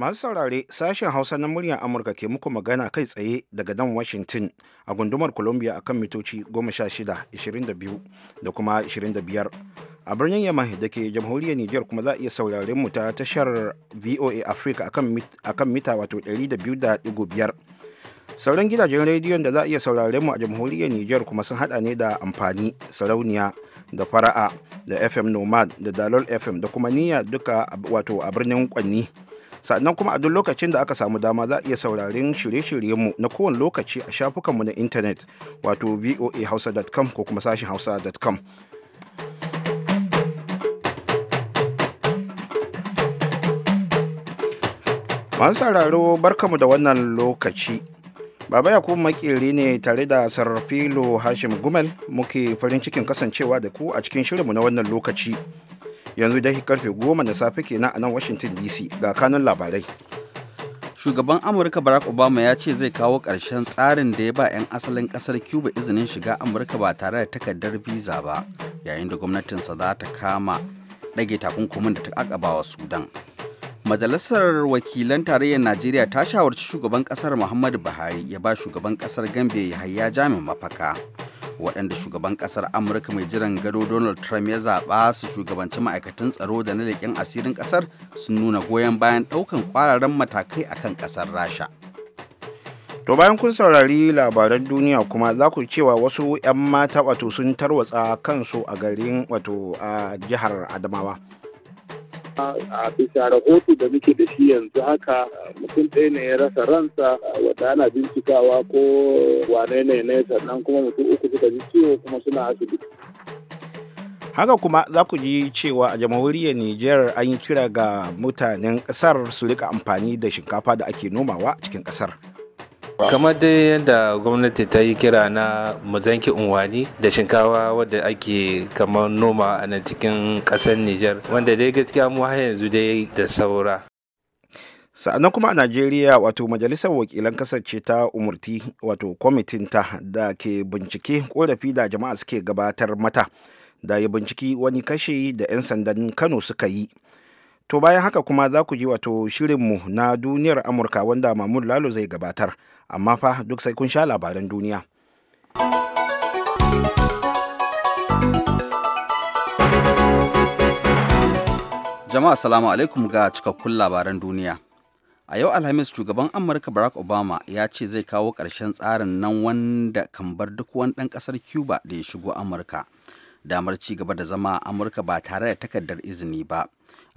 Masu saurare sashen Hausa na muryar Amurka ke muku magana kai tsaye daga nan Washington a gundumar Columbia akan mitoci 16, 22 da kuma 25. A birnin yamma da ke jamhuriyar Nijar kuma za a iya saurare mu ta tashar VOA Africa akan mita wato biyar Sauran gidajen rediyon da za a iya saurare mu a jamhuriyar Nijar kuma sun hada ne da amfani, sarauniya, da fara'a, da FM Nomad, da Dalol FM da kuma niyya duka wato a birnin Kwanni. sannan kuma a duk lokacin da aka samu dama za a iya saurarin shirye-shiryenmu na kowane lokaci a shafukanmu na intanet wato voahausa.com ko kuma sashen hausa.com masu sauraro barkamu da wannan lokaci Baba Yakubu makeri ne tare da sarrafilo Hashim Gumel muke farin cikin kasancewa da ku a cikin shirinmu na wannan lokaci. yanzu dai karfe goma na safe kenan a nan washington dc ga kanun labarai shugaban amurka barack obama ya ce zai kawo ƙarshen tsarin da ya ba 'yan asalin ƙasar cuba izinin shiga amurka ba tare da takardar visa ba yayin da gwamnatinsa za ta kama ɗage takunkumin da ta akabawa sudan majalisar wakilan tarayyar najeriya ta shawarci shugaban ƙasar muhammadu buhari ya ba shugaban ƙasar gambia yahaya jamin mafaka waɗanda shugaban ƙasar amurka mai jiran gado donald trump ya zaɓa su shugabanci ma'aikatan tsaro da na leƙen asirin ƙasar sun nuna goyon bayan ɗaukan ƙwararren matakai akan ƙasar rasha to bayan kun saurari labaran duniya kuma za ku cewa wasu 'yan mata wato sun tarwatsa kansu a garin wato a jihar adamawa a bisa rahoto da muke da shi yanzu haka mutum ɗaya ne ya rasa ransa wata ana bincikawa ko wane ne ne sannan kuma mutum uku suka ji ciwo kuma suna asibiti haka kuma za ku ji cewa a jamhuriyar niger an yi kira ga mutanen kasar su rika amfani da shinkafa da ake nomawa cikin kasar kamar dai yadda gwamnati ta yi kira na mazanki unwani da shinkawa wadda ake kamar noma a nan cikin ƙasar nijar wanda dai gaskiya mu har yanzu dai da saura sa'annan kuma a najeriya wato majalisar wakilan kasar ce ta umurti wato kwamitin ta da ke bincike korafi da jama'a suke gabatar mata da ya binciki wani kashe da 'yan sandan kano suka yi to bayan haka kuma za ku ji wato shirinmu na duniyar amurka wanda mamun lalo zai gabatar amma fa duk sai kun sha labaran duniya. Jama'a salamu alaikum ga cikakkun labaran duniya. A yau Alhamis shugaban Amurka Barack Obama ya ce zai kawo ƙarshen tsarin nan wanda kan bar duk wani ɗan ƙasar Cuba da ya shigo Amurka. Damar ci gaba da zama Amurka ba tare da takardar izini ba.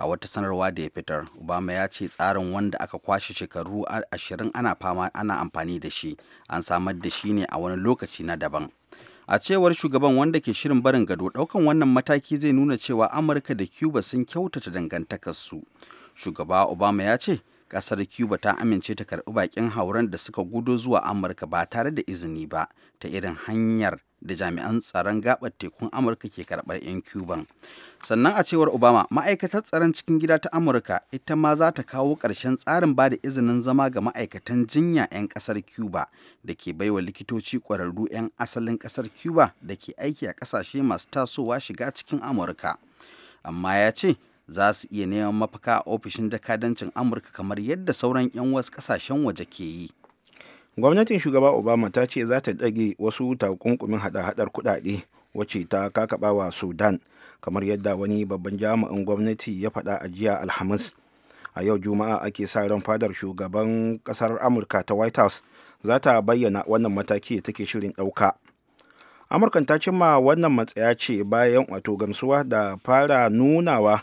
a wata sanarwa da ya fitar obama ya ce tsarin wanda aka kwashe shekaru ashirin ana fama ana amfani da shi an samar da shi ne a wani lokaci na daban a cewar shugaban wanda ke shirin barin gado daukan wannan mataki zai nuna cewa amurka da cuba sun kyautata dangantakarsu shugaba obama ya ce kasar cuba ta amince ta karbi bakin hauren da suka gudo zuwa amurka ba tare da izini ba ta irin hanyar da jami'an tsaron gabar tekun amurka ke karɓar 'yan cuban sannan a cewar obama ma'aikatar tsaron cikin gida ta amurka ita ma za ta kawo ƙarshen tsarin ba da izinin zama ga ma'aikatan jinya 'yan ƙasar cuba da ke baiwa likitoci ƙwararru 'yan asalin ƙasar cuba da ke aiki a ƙasashe masu tasowa shiga cikin amurka amma ya ce za su iya neman mafaka a ofishin jakadancin amurka kamar yadda sauran 'yan wasu ƙasashen waje ke yi gwamnatin shugaba obama ta ce za ta ɗage wasu takunkumin hada-hadar kudade wacce ta wa sudan kamar yadda wani babban jami'in gwamnati ya faɗa a jiya alhamis a yau juma'a ake sa ran fadar shugaban ƙasar amurka ta white house za ta bayyana wannan mataki take shirin ɗauka amurkan ta cimma wannan matsaya ce bayan wato gamsuwa da fara nunawa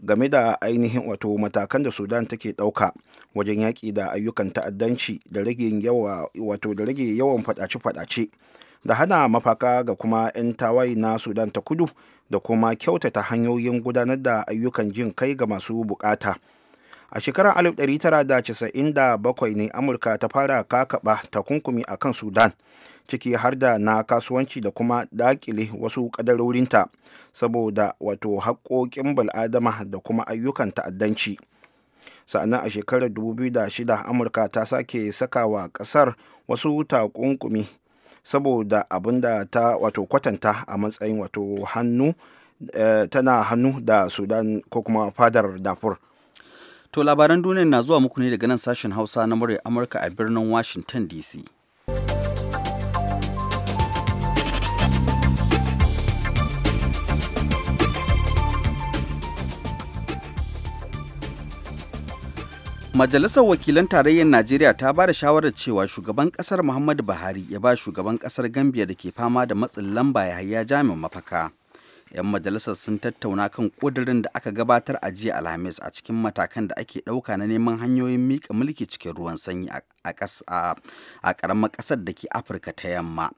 game da ainihin wato matakan da sudan take ɗauka wajen yaƙi da ayyukan ta'addanci da rage wato da rage yawan faɗace-faɗace da hana mafaka ga kuma 'yan tawaye na sudan ta kudu da kuma kyautata hanyoyin gudanar da ayyukan jin kai ga masu bukata. a shekarar 1997 ne amurka ta fara kakaba takunkumi a kan sudan ciki har da na kasuwanci da kuma dakile wasu kadarorinta saboda wato haƙoƙin bal'adama da kuma ayyukan ta'addanci sa'annan a shekarar 2006 amurka ta sake sakawa ƙasar wasu takunkumi saboda abin da ta wato kwatanta a matsayin wato hannu eh, tana hannu da sudan ko kuma fadar dafur. To labaran duniya na zuwa muku ne daga nan sashen Hausa na murya Amurka a birnin Washington DC. Majalisar Wakilan Tarayyar Najeriya ta ba da shawarar cewa shugaban kasar Muhammadu Buhari ya ba shugaban kasar Gambia da ke fama da matsin lamba ya haya jamin mafaka. 'yan majalisar sun tattauna kan ƙudurin da aka gabatar a jiya alhamis a cikin matakan da ake ɗauka na neman hanyoyin miƙa mulki cikin ruwan sanyi a ƙaramar ƙasar da ke afirka ta yamma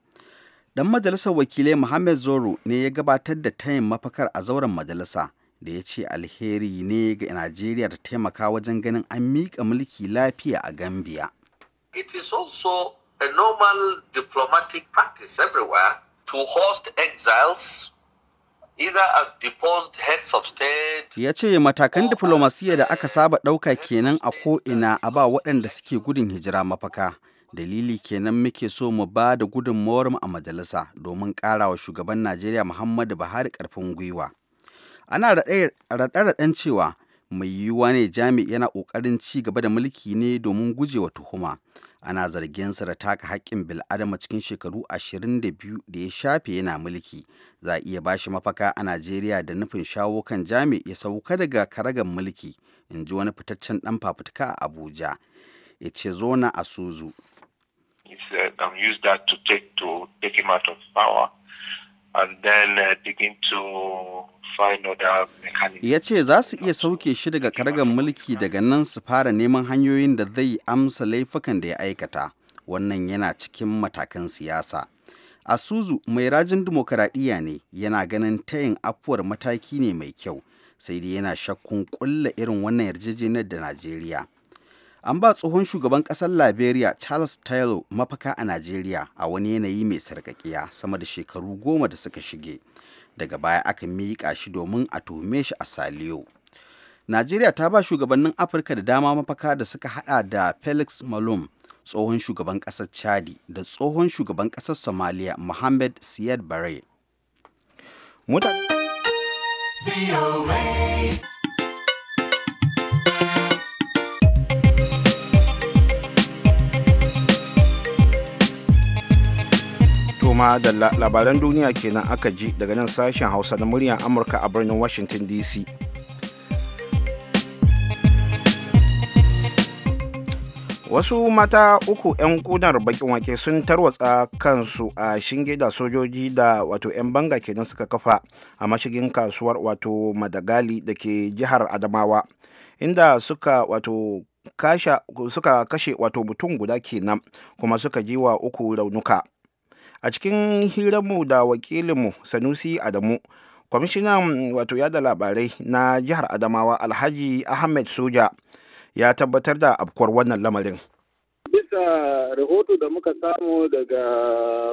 dan majalisar wakilai Mohammed Zoro ne ya gabatar da tayin mafakar a zauren majalisa da ya ce alheri ne ga Najeriya da taimaka wajen ganin an miƙa mulki lafiya a Gambia. It is also a normal diplomatic practice everywhere to host exiles as of Ya ce matakan diflomasiyya da aka saba ɗauka kenan a ko ina a ba waɗanda suke gudun hijira mafaka. Dalili kenan muke so mu ba da gudun mu a majalisa domin ƙara wa shugaban Najeriya Muhammadu Buhari karfin gwiwa. Ana raɗe-raɗen cewa mai yiwuwa ne jami yana ƙoƙarin ci gaba da mulki ne domin gujewa tuhuma ana zarginsa da taka haƙƙin bil'adama cikin shekaru 22 da ya shafe yana mulki za a iya bashi mafaka a najeriya da nufin shawo kan jami ya sauka daga karagan mulki in ji wani fitaccen ɗan fafutuka a abuja ya ce zona a suzu. It's, uh, um, that to take, to take him out of power. Uh, ya ce za su iya sauke shi daga karagar mulki daga nan su fara neman hanyoyin da zai amsa laifukan da ya aikata. Wannan yana cikin matakan siyasa. Asuzu mai rajin dimokuraɗiyya ne yana ganin tayin afuwar mataki ne mai kyau sai dai yana shakkun ƙulla irin wannan yarjejeniyar da Najeriya. an ba tsohon shugaban ƙasar liberia charles taylor mafaka a najeriya a wani yanayi mai sarƙaƙiya sama da shekaru goma da suka shige daga baya aka miƙa shi domin a tuhume shi a saliyo najeriya ta ba shugabannin afirka da dama mafaka da suka hada da felix malum tsohon shugaban ƙasar chadi da tsohon shugaban ƙasar somalia mohammed siyad bare kuma da labaran duniya kenan aka ji daga nan sashen Hausa na muryar Amurka a birnin Washington DC. Wasu mata uku 'yan kunar bakin wake sun tarwatsa kansu a shinge da sojoji da wato 'yan banga kenan suka kafa a mashigin kasuwar wato Madagali da ke jihar Adamawa, inda suka wato kasha suka kashe wato mutum guda kenan kuma suka ji wa uku raunuka a cikin hiranmu da wakilinmu sanusi adamu kwamishinan wato yada labarai na jihar adamawa alhaji ahmed soja ya tabbatar da afkuwar wannan lamarin Bisa rahoto da muka samu daga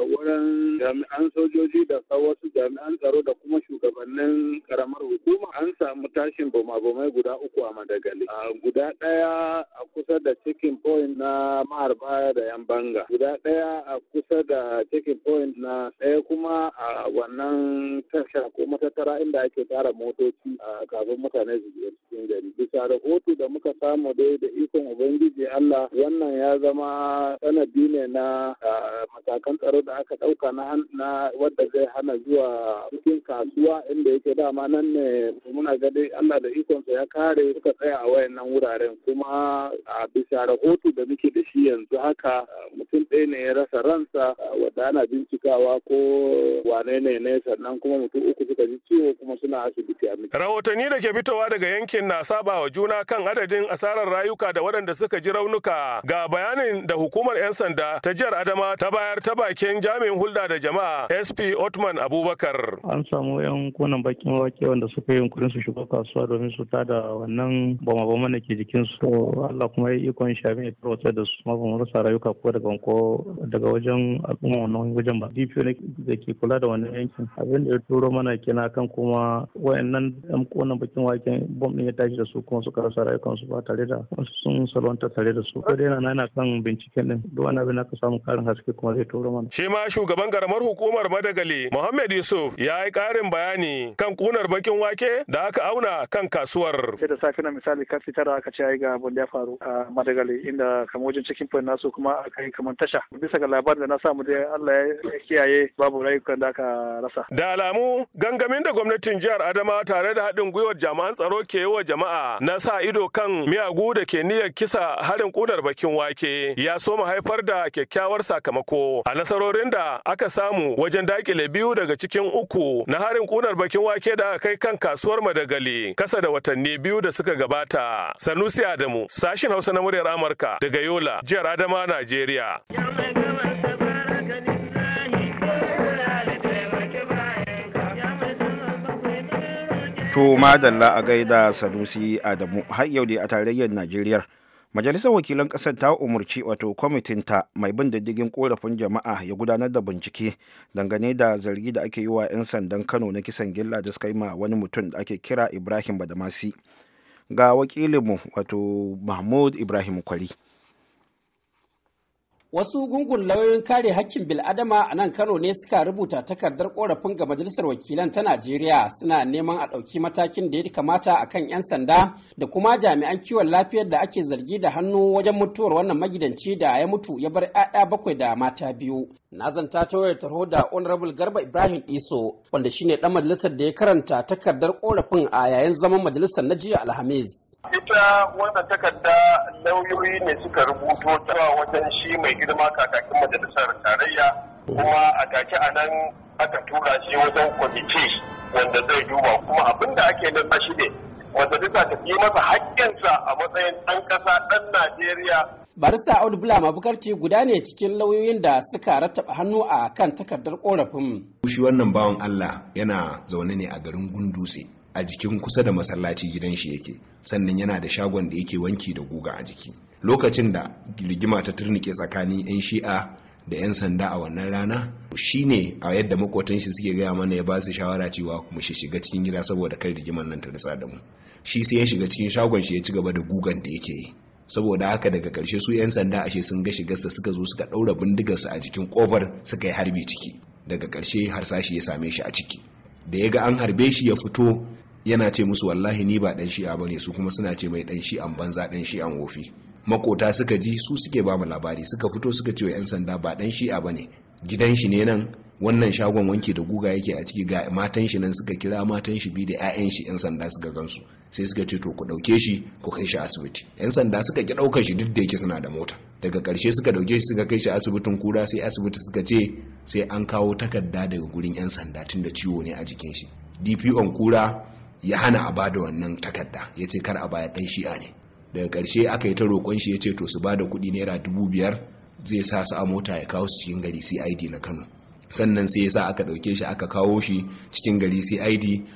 wurin jami'an sojoji da wasu jami'an tsaro da kuma shugabannin karamar hukuma an samu tashin bumabumai guda uku a Madagali. Guda ɗaya a kusa da cikin point na maharba da Yambanga. Guda ɗaya a kusa da cikin point na ɗaya kuma a wannan tasha ko matattara inda ake tara motoci a kafin mutane su cikin gari. Bisa rahoto da muka samu dai da ikon Ubangiji Allah wannan ya zama sanadi ne na matakan tsaro da aka ɗauka na wadda zai hana zuwa cikin kasuwa inda yake dama nan ne muna gani Allah da ikonsa ya kare suka tsaya a wayannan wuraren kuma a bisa rahoto da muke da shi yanzu haka mutum ɗaya ne ya rasa ransa wadda ana bincikawa ko wane ne ne sannan kuma mutum uku suka ji ciwo kuma suna asibiti a Rahotanni da ke fitowa daga yankin na saba wa juna kan adadin asarar rayuka da waɗanda suka ji raunuka ga bayan bayanin da hukumar 'yan sanda ta jihar adama ta bayar ta bakin jami'in hulɗa da jama'a sp otman abubakar an samu 'yan kunan bakin wake wanda suka yi yunkurin su shiga kasuwa domin su ta da wannan bama-bama da ke jikin su allah kuma ya ikon shafin ya fara da su ma bamu rasa rayuka ko daga ko daga wajen al'umma wannan wajen ba ne da ke kula da wannan yankin abin da ya turo mana kina kan kuma wayannan 'yan kunan bakin waken bom ɗin ya tashi da su kuma suka rasa rayukansu ba tare da sun salwanta tare da su ko dai na kan kan binciken din duk wani abin aka samu karin haske kuma zai turo mana shi ma shugaban karamar hukumar madagali muhammad yusuf ya yi karin bayani kan kunar bakin wake da aka auna kan kasuwar sai da safi na misali karfe tara aka ce ga abin ya faru a madagali inda kamar cikin point nasu kuma aka yi kamar tasha bisa ga labarin da na samu dai allah ya kiyaye babu rayukan da aka rasa da alamu gangamin da gwamnatin jihar adama tare da haɗin gwiwar jami'an tsaro ke yi wa jama'a na sa ido kan miyagu da ke niyyar kisa harin kunar bakin wake ya ya so haifar da kyakkyawar sakamako a nasarorin da aka samu wajen dakile biyu daga cikin uku na harin kunar bakin wake da aka kai kan kasuwar madagali kasa da watanni biyu da suka gabata sanusi adamu sashin hausa na muryar amurka daga yola jihar adama najeriya To madalla a gaida Sanusi Adamu har yau ne a tarayyar Najeriya. majalisar wakilan ƙasar ta umarci wato kwamitin ta mai bin diddigin korafin jama'a ya gudanar da bincike dangane da zargi da ake yi wa 'yan sandan kano na kisan gilla da suka yi ma wani mutum da ake kira ibrahim badamasi ga wakilinmu wato mahmud ibrahim kwari wasu gungun lauyoyin kare hakkin bil'adama a nan kano ne suka rubuta takardar korafin ga majalisar wakilan ta najeriya suna neman a ɗauki matakin da ya kamata a kan 'yan sanda da kuma jami'an kiwon lafiyar da ake zargi da hannu wajen mutuwar wannan magidanci da ya mutu ya bar 'ya'ya bakwai da mata biyu na zanta ta wayar tarho da honorable garba ibrahim iso wanda shine dan majalisar da ya karanta takardar korafin a yayin zaman majalisar na jiya alhamis Ita wannan takarda lauyoyi ne suka rubuto ta wajen shi mai girma kakakin majalisar tarayya kuma a take a nan aka tura shi wajen kwamiti wanda zai duba kuma abin da ake nufa shi ne majalisa ta yi masa haƙƙinsa a matsayin ɗan ƙasa ɗan Najeriya. Barista Audu bula mabukarci guda ne cikin lauyoyin da suka rattaba hannu a kan takardar korafin Shi wannan bawan Allah yana zaune ne a garin Gundutse. a jikin kusa da masallaci gidan shi yake sannan yana da shagon da yake wanki da guga a jiki lokacin da rigima ta turnike tsakanin 'yan shi'a da 'yan sanda a wannan rana shi ne a yadda makwatan shi suke gaya mana ya ba su shawara cewa mu shi shiga cikin gida saboda kar rigimar nan ta ritsa da mu shi sai ya shiga cikin shagon shi ya ci gaba da gugan da yake yi saboda haka daga karshe su 'yan sanda ashe sun ga shigarsa suka zo suka ɗaura bindigarsa a jikin kofar suka yi harbi ciki daga karshe harsashi ya same shi a ciki da ya ga an harbe shi ya fito yana ce musu wallahi ni ba dan shi'a bane su kuma suna ce mai dan shi'an banza dan shi'an wofi makota suka ji su suke ba mu labari suka fito suka ce wa 'yan sanda ba dan shi'a bane gidan shi ne nan wannan shagon wanki da guga yake a ciki ga matan shi nan suka kira matan shi bi da 'ya'yan shi 'yan sanda suka gansu sai suka ce to ku ɗauke shi ku kai shi asibiti 'yan sanda suka ki ɗaukar shi duk da yake suna da mota daga karshe suka dauke shi suka kai shi asibitin kura sai asibiti suka ce sai an kawo takarda daga gurin 'yan sanda tun da ciwo ne a jikin shi dpo kura ya hana a bada wannan takarda ya ce kar a baya dan shi'a ne daga karshe aka yi ta roƙon shi ya ce to su bada kuɗi naira dubu biyar zai sa su a mota ya kawo su cikin gari cid na kano sannan sai ya sa aka ɗauke shi aka kawo shi cikin gari cid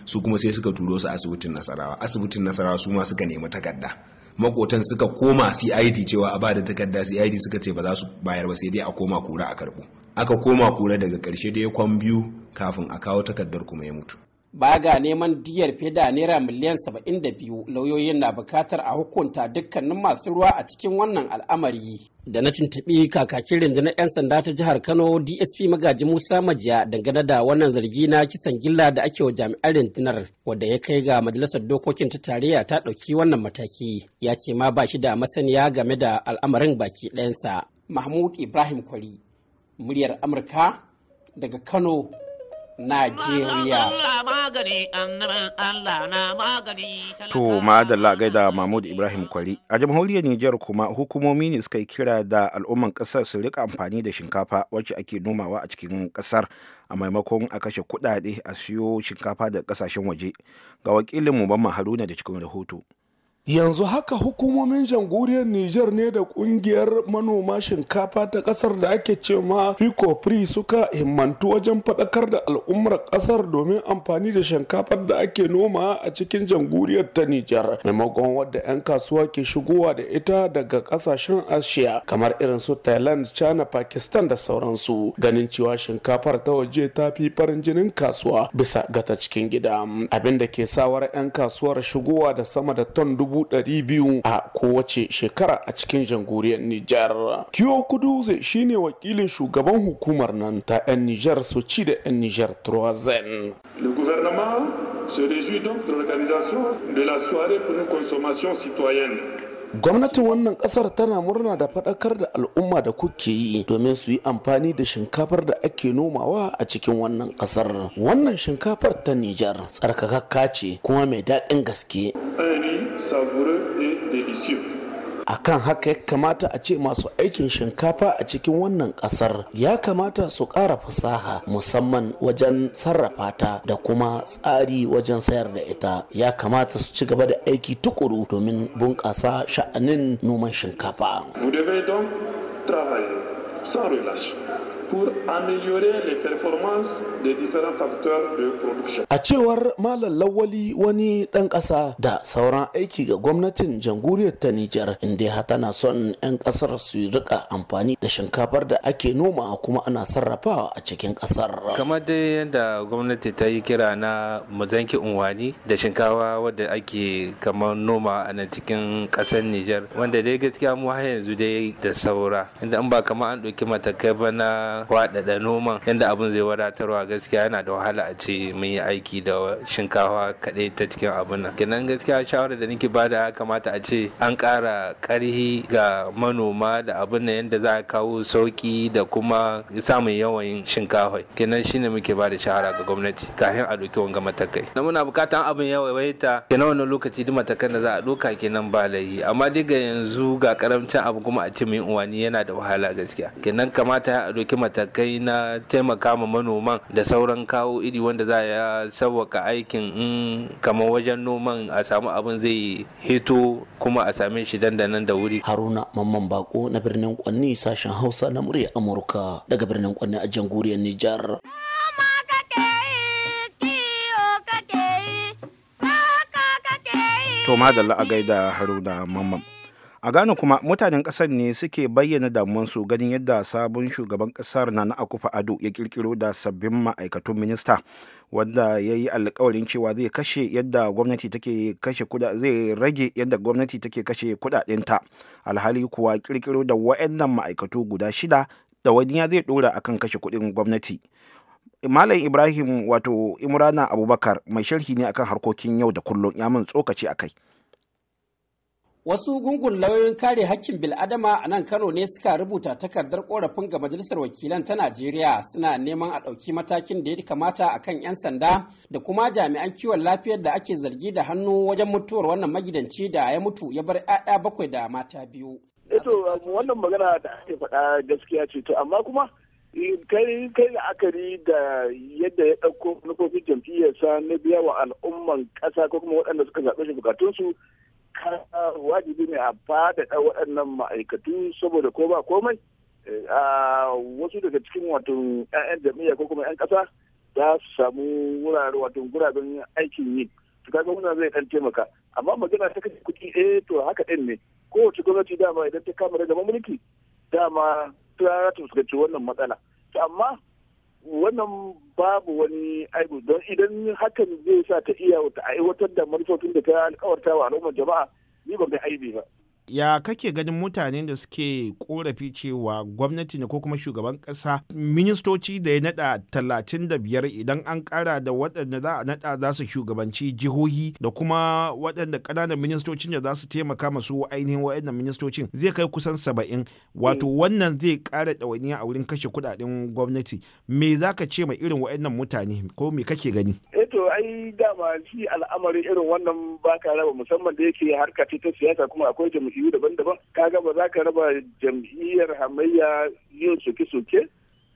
su kuma sai suka turo su asibitin nasarawa asibitin nasarawa su ma suka nemi takarda makotan suka koma cid cewa a ba da takarda cid suka ce ba za su bayar ba sai dai a koma kura a karɓo aka koma kura daga ƙarshe da ya kwan biyu kafin a kawo takardar kuma ya mutu baya ga neman diyar fiye da naira miliyan 72 lauyoyin na bukatar a hukunta dukkanin masu ruwa a cikin wannan al'amari da na tuntuɓi kakakin rundunar 'yan sanda ta jihar kano dsp magaji musa majiya dangane da wannan zargi na kisan gilla da ake wa jami'an rundunar wadda ya kai ga majalisar dokokin ta tarayya ta ɗauki wannan mataki ya ce ma ba shi da masaniya game da al'amarin baki ɗayansa mahmud ibrahim kwari muryar amurka daga kano Najeriya. To madalla gaida Mahmud Ibrahim Kwari. A jamhuriyar Nijar kuma hukumomi ne suka yi kira da al'umman kasar su rika amfani da shinkafa wacce ake nomawa a cikin kasar a maimakon a kashe kudade a siyo shinkafa da kasashen waje. Ga wakilinmu mamman Haruna da cikin rahoto. yanzu haka hukumomin jamhuriyar niger ne da kungiyar manoma shinkafa ta kasar da ake cewa fico free suka himmantu wajen faɗakar da al'ummar kasar domin amfani da shinkafar da ake noma a cikin jamhuriyar ta niger maimakon wadda 'yan kasuwa ke shigowa da ita daga kasashen asiya kamar irin su thailand china pakistan da sauransu ganin cewa shinkafar ta waje ta fi farin jinin kasuwa bisa ga ta cikin gida abin da ke sawar 'yan kasuwar shigowa da sama da ton dubu dubu biyu a kowace shekara a cikin jamhuriyar Nijar. Kiyo Kuduze shine wakilin shugaban hukumar nan ta 'yan Nijar su ci da 'yan Nijar Trozen. Le gouvernement se réjouit donc l'organisation de la soirée pour une consommation citoyenne. gwamnatin wannan kasar tana murna da faɗakar da al'umma da kuke yi domin su yi amfani da shinkafar da ake nomawa a cikin wannan kasar wannan shinkafar ta nijar tsarkakakka ce kuma mai daɗin gaske eh, akan haka ya kamata a ce masu aikin shinkafa a cikin wannan kasar ya kamata su ƙara fasaha musamman wajen sarrafa ta da kuma tsari wajen sayar da ita ya kamata su ci gaba da aiki tukuru domin bunƙasa sha'anin noman shinkafa. Vous devez donc travailler sans relâche pour améliorer les performances des différents facteurs de production. A cewar Malam Lawali wani ɗan ƙasa da sauran aiki ga gwamnatin jamhuriyar ta Nijar inda ya tana son 'yan ƙasar su rika amfani da shinkafar da ake noma kuma ana sarrafawa a cikin ƙasar. Kamar dai yadda gwamnati ta yi kira na mazanki unwani da shinkawa wadda ake kamar noma a cikin ƙasar Nijar wanda dai gaskiya mu har yanzu dai da saura inda in ba kamar an ɗauki matakai ba na waɗaɗa noman yadda abin zai wadatarwa gaskiya yana da wahala a ce mun yi aiki da shinkafa kaɗai ta cikin abin nan kenan gaskiya shawarar da nake bada ya kamata a ce an ƙara ƙarhi ga manoma da abin nan yadda za a kawo sauƙi da kuma samun yawan shinkafa kenan shine muke bada shawara ga gwamnati kafin a ɗauki wanga matakai na muna buƙatan abin yawaita kenan wani lokaci duk matakan da za a ɗauka kenan ba laifi amma dai yanzu ga karamcin abu kuma a ce mai uwani yana da wahala gaskiya kenan kamata a ɗauki matakai na taimaka ma manoman da sauran kawo iri wanda za ya sauwaka aikin in kamar wajen noman a samu abin zai hito kuma a same shi dandanan da wuri haruna mamman bako na birnin kwanni sashen hausa na murya amurka daga birnin kwanni a jamhuriyar nijar to madalla a gaida haruna mamman a gano kuma mutanen kasar ne suke bayyana su ganin yadda sabon shugaban kasar na na akufa ado ya kirkiro da sabbin ma'aikatun minista wanda ya yi alkawarin cewa zai kashe yadda gwamnati take kashe kuda zai rage yadda gwamnati take kashe alhali kuwa kirkiro da wa'annan ma'aikatu guda shida da wani ya zai dora akan kashe kudin gwamnati malam ibrahim wato imrana abubakar mai sharhi ne akan harkokin yau da kullum ya min tsokaci akai Wasu gungun lauyoyin kare hakkin bil'adama a nan Kano ne suka rubuta takardar korafin ga Majalisar Wakilan ta Najeriya suna neman a ɗauki matakin da ya kamata a kan 'yan sanda da kuma jami'an kiwon lafiyar da ake zargi da hannu wajen mutuwar wannan magidanci da ya mutu ya bar 'ya'ya bakwai da mata biyu. Eto eh wannan magana da ake faɗa gaskiya ce to amma kuma eh, kai kai la'akari da yadda ya ɗauko manufofin jam'iyyarsa na biya wa al'umman ƙasa ko kuma waɗanda suka zaɓe shi bukatunsu wajibi ne a da waɗannan ma'aikatu saboda ko ba komai eh, a wasu daga cikin wato 'ya'yan jami'a ko kuma 'yan ƙasa za su samu wurare wato guraben aikin yi su kaga wannan zai dan taimaka amma magana ta kashe kuɗi eh to haka ɗin ne kowace gwamnati dama idan ta kama da mulki dama ta ta fuskanci wannan matsala to amma wannan babu wani aibu don idan hakan zai sa ta iya ta aiwatar da manufofin da ta alkawarta wa al'ummar jama'a ni ban ga aibi ba ya kake ganin mutane da suke korafi cewa gwamnati ne ko kuma shugaban kasa ministoci da ya nada talatin da biyar idan an kara da waɗanda za a nada za su shugabanci jihohi da kuma waɗanda ƙananan ministocin da za su taimaka masu ainihin waɗannan ministocin zai kai kusan saba'in wato eh. wannan zai ƙara ɗawainiya a wurin kashe kuɗaɗen gwamnati me za ka ce ma irin waɗannan mutane ko me kake gani to ai dama shi al'amari irin wannan ba ka raba musamman da yake harka ce ta siyasa kuma akwai jam'iyyu daban-daban kaga ba za ka raba jam'iyyar hamayya yin soke-soke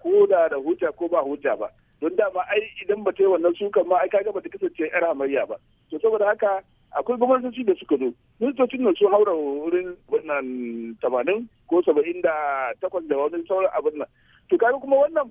ko da da huta ko ba huta ba don dama ai idan ba ta yi wannan sukan ma ai kaga ba ta kasance yar hamayya ba to saboda haka akwai gwamnatoci da suka zo ministocin nan sun haura wurin wannan tamanin ko saba'in da takwas da wani sauran abin nan to kaga kuma wannan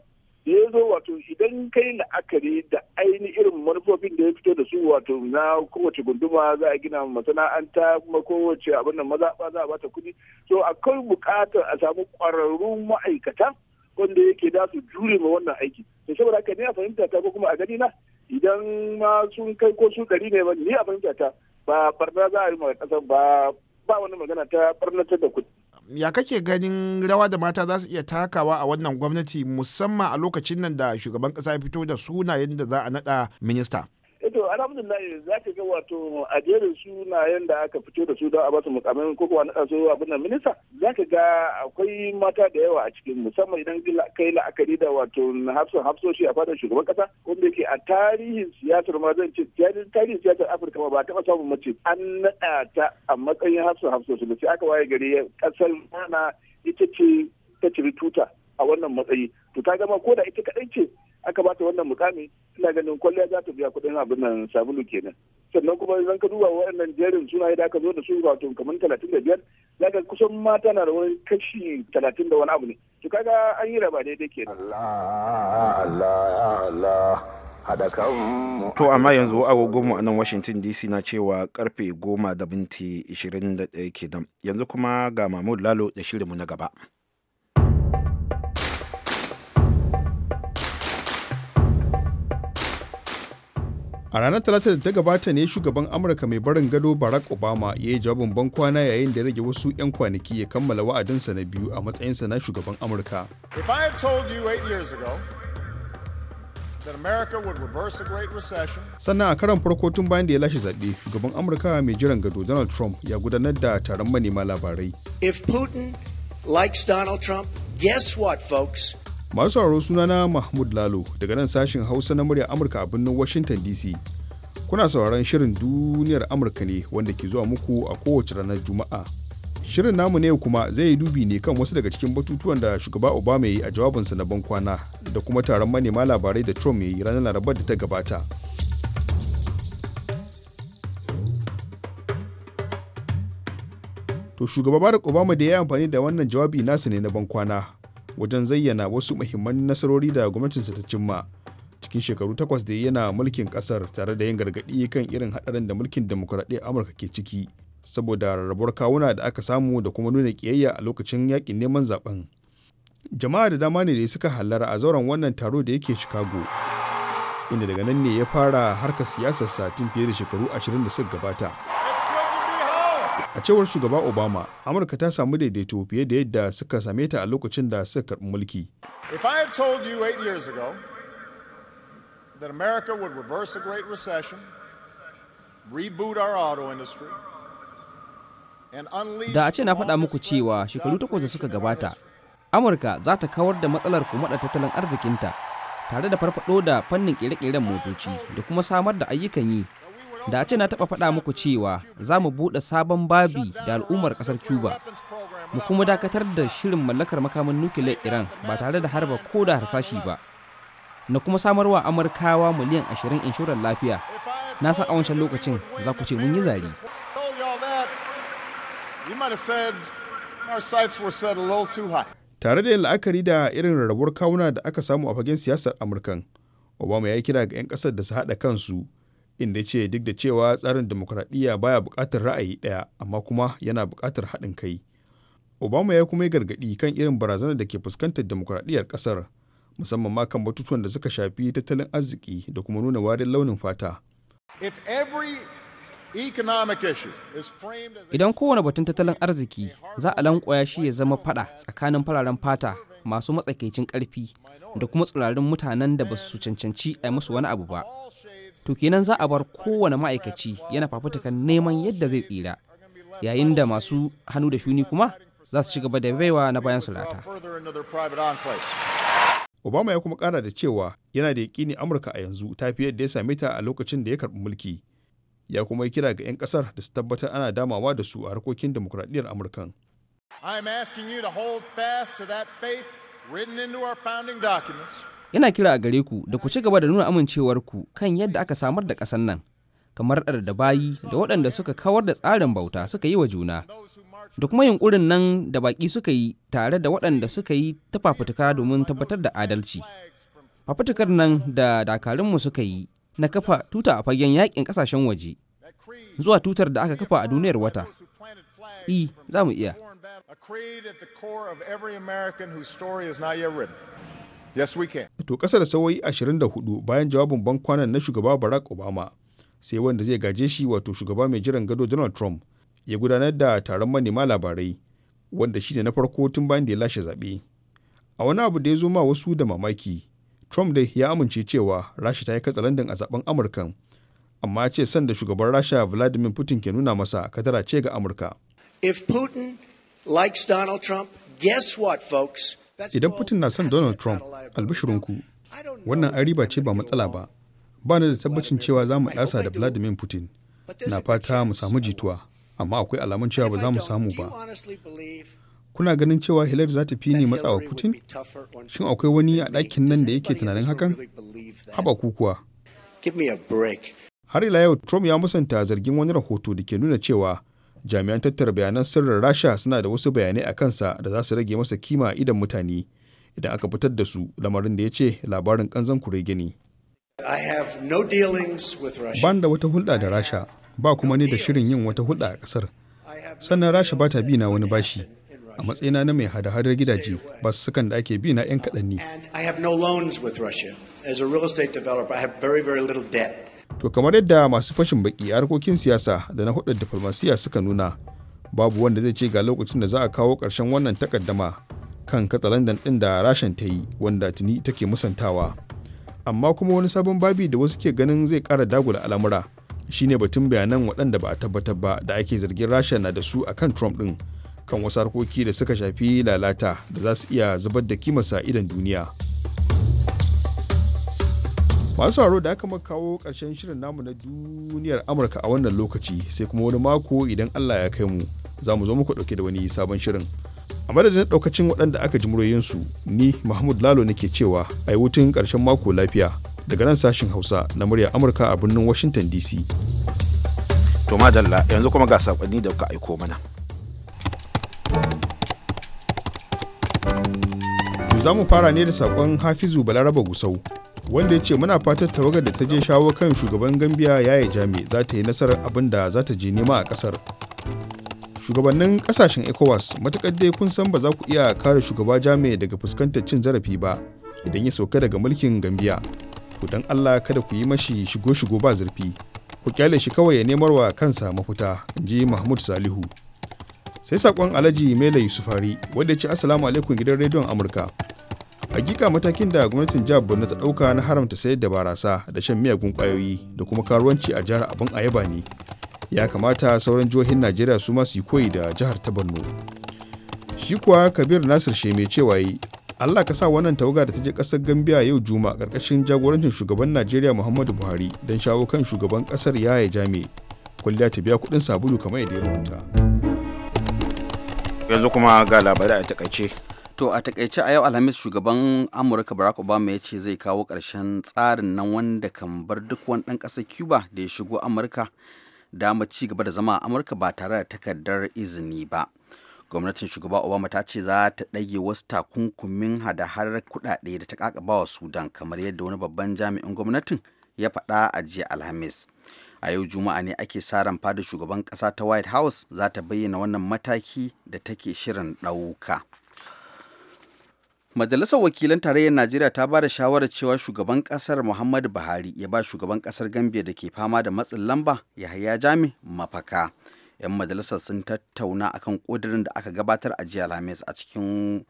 ya zo wato idan kai la'akari da aini irin manufofin da ya fito da su wato na kowace gunduma za a gina masana'anta kuma kowace abin da mazaɓa za a bata kuɗi so akwai bukatar a samu kwararrun ma'aikata wanda yake da su jure ma wannan aiki to saboda haka ni a fahimta ta ko kuma a gani na idan ma sun kai ko su ɗari ne ba ni a fahimta ta ba barna za a yi ma ƙasar ba ba wani magana ta ɓarnatar da kuɗi ya kake ganin rawa da mata za su iya takawa a wannan gwamnati musamman a lokacin nan da shugaban kasa ya fito da sunayen da za a naɗa minista Ito eh, alhamdulillah za ka ga wato a jerin sunayen da aka fito da su don a basu mukamin ko kuwa na su abin nan minista za ka ga akwai mata da yawa a cikin musamman idan kai la'akari da wato hafsan hafsoshi a fadar shugaban kasa wanda yake a tarihin siyasar ma zan ce tarihin siyasar afirka ma ba taɓa samun mace an naɗa ta a matsayin hafsan hafsoshi da sai aka waye gari kasar mana ita ce ta ciri tuta a wannan matsayi to ta gama ko da ita kaɗai ce aka bata wannan mukami ina ganin kwalliya za ta biya kuɗin abin nan sabulu kenan sannan kuma zan ka duba waɗannan jerin sunaye da aka zo da su wato kamar talatin da biyar ga kusan mata na da wani kashi talatin da wani abu ne to kaga an yi raba daidai kenan. Allah Allah Allah To amma yanzu agogonmu a nan Washington DC na cewa karfe goma da binti 21 kenan yanzu kuma ga Mahmud Lalo da shirinmu na gaba. a ranar talata da ta gabata ne shugaban amurka mai barin gado barack obama ya yi jawabin ban kwana yayin da rage wasu 'yan kwanaki ya kammala wa'adinsa na biyu a matsayinsa na shugaban amurka sannan a karan farko tun bayan da ya lashe zaɓe shugaban amurka mai jiran gado donald trump ya gudanar da taron manema labarai if putin likes donald trump guess what folks masu sauraro sunana mahmud lalo daga nan sashin hausa na murya amurka a birnin washington dc kuna sauraron shirin duniyar amurka ne wanda ke zuwa muku a kowace ranar juma'a shirin namu ne kuma zai yi dubi ne kan wasu daga cikin batutuwan da shugaba obama ya yi a jawabinsa na ban kwana da kuma taron manema labarai da trump ya yi ranar larabar da ta gabata to shugaba barack obama da ya yi amfani da wannan jawabi nasa ne na ban kwana wajen zayyana wasu muhimman nasarori da gwamnatinsa ta cimma cikin shekaru takwas da yana mulkin kasar tare da yin gargaɗi kan irin haɗarin da mulkin demokuraɗiyyar amurka ke ciki saboda rarrabuwar kawuna da aka samu da kuma nuna ƙiyayya a lokacin yakin neman zaɓen. jama'a da dama ne da suka hallara a zauren wannan taro da yake chicago inda daga nan ne ya fara harkar siyasarsa tun fiye da shekaru ashirin da suka gabata a cewar shugaba obama amurka ta samu daidaito fiye da yadda suka same ta a lokacin da suka karɓi mulki that America would reverse Great Recession, reboot our auto industry, Da a ce na faɗa muku cewa shekaru takwas da suka gabata, Amurka za ta kawar da matsalar kumaɗa tattalin arzikinta tare da farfaɗo da fannin ƙere-ƙeren motoci da kuma samar da ayyukan yi da ce na taba faɗa muku cewa za mu buɗe sabon babi da al'ummar ƙasar cuba mu kuma dakatar da shirin mallakar makamin nukiliyar iran ba tare da harba ko da harsashi ba na kuma samarwa amurkawa miliyan ashirin inshorar lafiya na san a wancan lokacin za ku ce mun yi zari tare da la'akari da irin rarrabuwar kawuna da aka samu a fagen siyasar amurkan obama ya yi kira ga 'yan kasar da su haɗa kansu inda ce duk da cewa tsarin demokuraɗiyya baya buƙatar ra'ayi ɗaya amma kuma yana buƙatar haɗin kai obama ya kuma yi gargaɗi kan irin barazanar da ke fuskantar demokuraɗiyyar ƙasar musamman ma kan batutuwan da suka shafi tattalin arziki da kuma nuna warin launin fata idan kowane batun tattalin arziki za a lankwaya shi ya zama fada tsakanin fararen fata masu matsakaicin ƙarfi da kuma tsirarin mutanen da ba su cancanci a musu wani abu ba to kenan za a bar kowane ma'aikaci yana fafutukan neman yadda zai tsira yayin da masu hannu da shuni kuma za su ci gaba da baiwa na bayan sulata. Obama ya kuma kara da cewa yana da yaƙini Amurka a yanzu ta fi yadda ya same ta a lokacin da ya karɓi mulki. Ya kuma yi kira ga 'yan ƙasar da su tabbatar ana damawa da su a harkokin demokuraɗiyyar Amurkan. I am asking you to hold fast to that faith written into our founding documents. yana kira a gare ku da ku ci gaba da nuna amincewar ku kan yadda aka samar da ƙasar nan kamar ɗar da bayi da waɗanda suka kawar da tsarin bauta suka yi wa juna da kuma yunkurin nan da baƙi suka yi tare da waɗanda suka yi ta fafutuka domin tabbatar da adalci fafutukar nan da dakarunmu suka yi na kafa tuta a fagen yaƙin ƙasashen waje zuwa tutar da aka kafa a duniyar wata i e, za mu iya Yes, we can. To ƙasa da sauyi 24 bayan jawabin bankwanan na shugaba Barack Obama, sai wanda zai gaje shi wato shugaba mai jiran gado Donald Trump ya gudanar da taron manema labarai, wanda shi ne na farko tun bayan da ya lashe zaɓe. A wani abu da ya zo ma wasu da mamaki, Trump dai ya amince cewa Rasha ta yi katsalandan a zaben Amurkan, amma ce son da shugaban Rasha Vladimir Putin ke nuna masa kadara ce ga Amurka. If Putin likes Donald Trump, guess what, folks? Idan Putin na son Donald Trump, albishirinku, wannan an riba ce ba matsala ba. Ba da tabbacin cewa za mu ɗasa da Vladimir Putin. Na fata mu samu jituwa, amma akwai alamun cewa ba za mu samu ba. Kuna ganin cewa Hillary za ta fi ne matsawa Putin? Shin akwai wani a ɗakin nan da yake tunanin hakan? Haba kukuwa Har ila yau Trump ya musanta zargin wani rahoto da ke nuna cewa jami'an tattara bayanan sirrin rasha suna da wasu bayanai a kansa da za su rage masa kima idan mutane idan aka fitar da su lamarin da ya ce labarin kanzan kurege ne ban da wata hulɗa da rasha ba kuma ne da shirin yin wata hulɗa a ƙasar sannan rasha ba ta bi na wani bashi a matsayina na mai hada-hadar gidaje ba su sukan da ake bi na 'yan kaɗan ne to kamar yadda masu fashin baki a harkokin siyasa da na hudar diflomasiya suka nuna babu wanda zai ce ga lokacin da za a kawo ƙarshen wannan takaddama kan katsalandan ɗin da rashin ta yi wanda tuni take musantawa amma kuma wani sabon babi da wasu ke ganin zai ƙara dagula al'amura shine batun bayanan waɗanda ba a tabbatar ba da ake zargin rasha na da su akan trump ɗin kan wasu harkoki da suka shafi lalata da za su iya zubar da kimarsa idan duniya. masu haro da aka maka kawo ƙarshen shirin namu na duniyar amurka a wannan lokaci sai kuma wani mako idan allah ya kai mu za mu zo muku ɗauke da wani sabon shirin a madadin ɗaukacin waɗanda aka ji muryoyinsu ni mahmud lalo nake cewa a yi ƙarshen mako lafiya daga nan sashin hausa na murya amurka a birnin washington dc to madalla yanzu kuma ga sakonni da kuka aiko mana za mu fara ne da sakon hafizu balaraba gusau wanda ya ce muna fatar tawagar da ta je shawo kan shugaban gambia yaya jami za ta yi nasarar abin da za ta je nema a kasar shugabannin kasashen ecowas matukar dai kun san ba za ku iya kare shugaba jami daga fuskantar cin zarafi ba idan ya sauka daga mulkin gambia ku dan allah kada ku yi mashi shigo shigo ba zurfi ku kyale shi kawai ya nemar wa kansa mafuta in ji mahmud salihu sai saƙon alhaji mela yusufari wanda ya ce assalamu alaikum gidan rediyon amurka hakika matakin da gwamnatin jihar borno ta dauka na haramta sayar da barasa da shan miyagun kwayoyi da kuma karuwanci a jihar abin ayaba ne ya kamata sauran jihohin najeriya su ma su yi koyi da jihar ta borno shi kuwa kabir nasir sheme cewa yi allah ka sa wannan tawaga da ta je kasar gambia yau juma karkashin jagorancin shugaban najeriya muhammadu buhari don shawo kan shugaban kasar yaya jami kwalliya ta biya kudin sabulu kamar yadda ya rubuta yanzu kuma ga labarai a takaice To a takaice a yau Alhamis shugaban Amurka Barack Obama ya ce zai kawo ƙarshen tsarin nan wanda kan bar duk wani ɗan ƙasar Cuba da ya shigo Amurka dama ci gaba da zama a Amurka ba tare da takardar izini ba. Gwamnatin shugaba Obama ta ce za ta ɗage wasu takunkumin hada-harar kuɗaɗe da ta kakaba wa Sudan kamar yadda wani babban jami'in gwamnatin ya faɗa a jiya Alhamis. a yau juma'a ne ake sa ran fada shugaban ƙasa ta white house za ta bayyana wannan mataki da take shirin ɗauka Majalisar Wakilan Tarayyar Najeriya ta ba da shawarar cewa shugaban kasar Muhammadu Buhari ya ba shugaban kasar Gambia da ke fama da matsin lamba Yahaya Jami mafaka. 'Yan majalisar sun tattauna akan ƙudurin da aka gabatar a jiya Lamis a cikin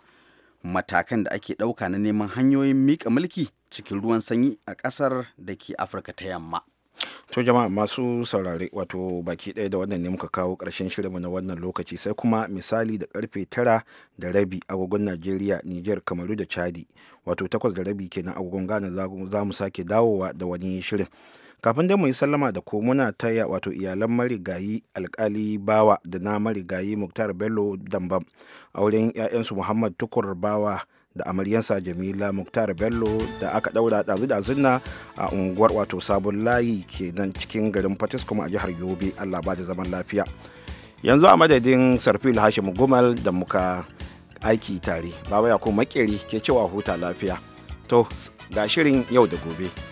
matakan da ake ɗauka na neman hanyoyin mika mulki cikin ruwan sanyi a ƙasar da ke Afirka ta Yamma. To jama'a masu saurare wato baki ɗaya da wannan ne muka kawo ƙarshen shirinmu na wannan lokaci sai kuma misali da ƙarfe tara da rabi agogon Najeriya, Nijar, Kamaru da Chadi wato takwas da rabi kenan agogon Ghana za mu sake dawowa da wani shirin. Kafin dai mu yi sallama da ko muna taya wato iyalan marigayi alkali bawa da na marigayi Muktar Bello Dambam auren 'ya'yansu Muhammad Tukur Bawa da amaryansa jamila muktar bello da aka ɗaura ɗazu dazun a unguwar wato sabon layi kenan cikin garin fatis kuma a jihar yobe allah ba da zaman lafiya yanzu a madadin sarfil hashim gumal da muka aiki tare baba ya ko makeri ke cewa huta lafiya to ga shirin yau da gobe.